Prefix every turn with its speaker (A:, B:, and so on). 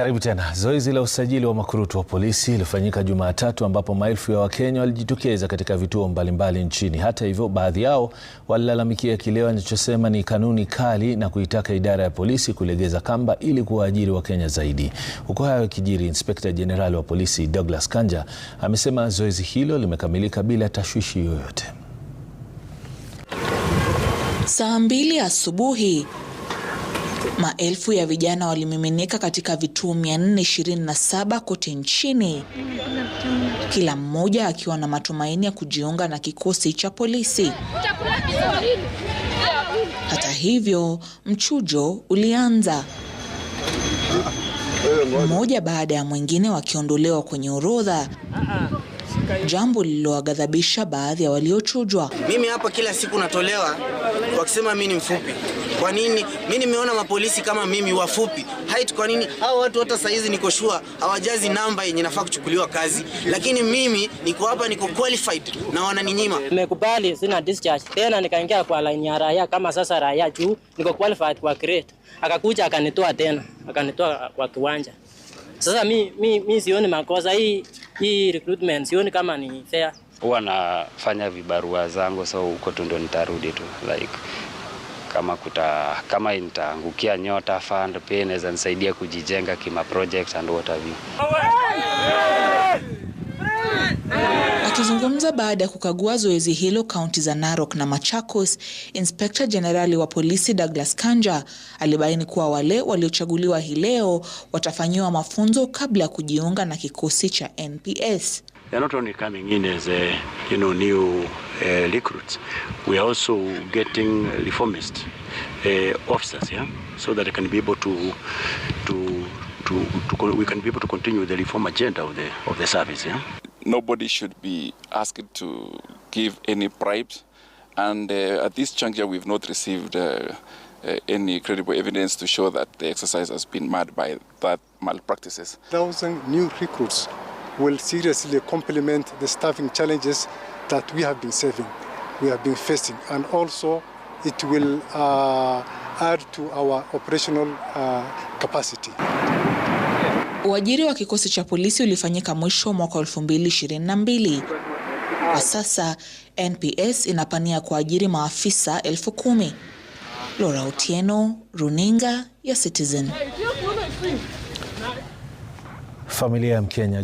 A: Karibu tena. Zoezi la usajili wa makurutu wa polisi lilifanyika Jumatatu ambapo maelfu ya Wakenya walijitokeza katika vituo mbalimbali mbali nchini. Hata hivyo, baadhi yao walilalamikia kile wanachosema ni kanuni kali na kuitaka idara ya polisi kulegeza kamba ili kuwaajiri Wakenya zaidi. huko hayo yakijiri, Inspekta Jenerali wa polisi Douglas Kanja amesema zoezi hilo limekamilika bila tashwishi yoyote.
B: Saa mbili asubuhi Maelfu ya vijana walimiminika katika vituo 427 kote nchini, kila mmoja akiwa na matumaini ya kujiunga na kikosi cha polisi. Hata hivyo, mchujo ulianza, mmoja baada ya mwingine wakiondolewa kwenye orodha, jambo lililowaghadhabisha baadhi ya waliochujwa.
C: Mimi hapa kila siku natolewa wakisema mimi ni mfupi kwa nini mimi nimeona mapolisi kama mimi wafupi height? Kwa nini hao watu hata saa hizi niko sure hawajazi namba yenye nafaa kuchukuliwa kazi, lakini mimi niko hapa, niko qualified na wananinyima.
D: Nimekubali, sina discharge tena, nikaingia kwa line ya raia kama sasa raia juu niko qualified kwa create Akakuja akanitoa tena, akanitoa kwa kiwanja. Sasa mi, mi, mi sioni makosa hii, hii recruitment sioni kama ni fair.
E: Huwa nafanya vibarua zangu, so huko tu ndo nitarudi tu like kama kuta, kama nitaangukia Nyota Fund pia inaweza nisaidia kujijenga kima project and water
B: Akizungumza baada ya kukagua zoezi hilo kaunti za Narok na Machakos, Inspekta Jenerali wa polisi Douglas Kanja alibaini kuwa wale waliochaguliwa hii leo watafanyiwa mafunzo kabla ya kujiunga na kikosi cha NPS.
F: they're not only coming in as a, you know, new uh, recruits, we are also getting reformist uh, officers, yeah, so that they can be able to, to, to, to, we can be able to continue the reform agenda of the, of the service, yeah.
G: Nobody should be asked to give any bribes, and uh, at this juncture we've not received uh, uh any credible evidence to show that the exercise has been marred by that malpractices.
H: Thousand new recruits will seriously complement the staffing challenges that we have been serving, we have been facing, and also it will uh, add to our operational uh, capacity.
B: Uajiri wa kikosi cha polisi ulifanyika mwisho wa mwaka 2022. Kwa sasa NPS inapania kuajiri maafisa elfu kumi. Lora Otieno, Runinga ya Citizen. Familia ya Mkenya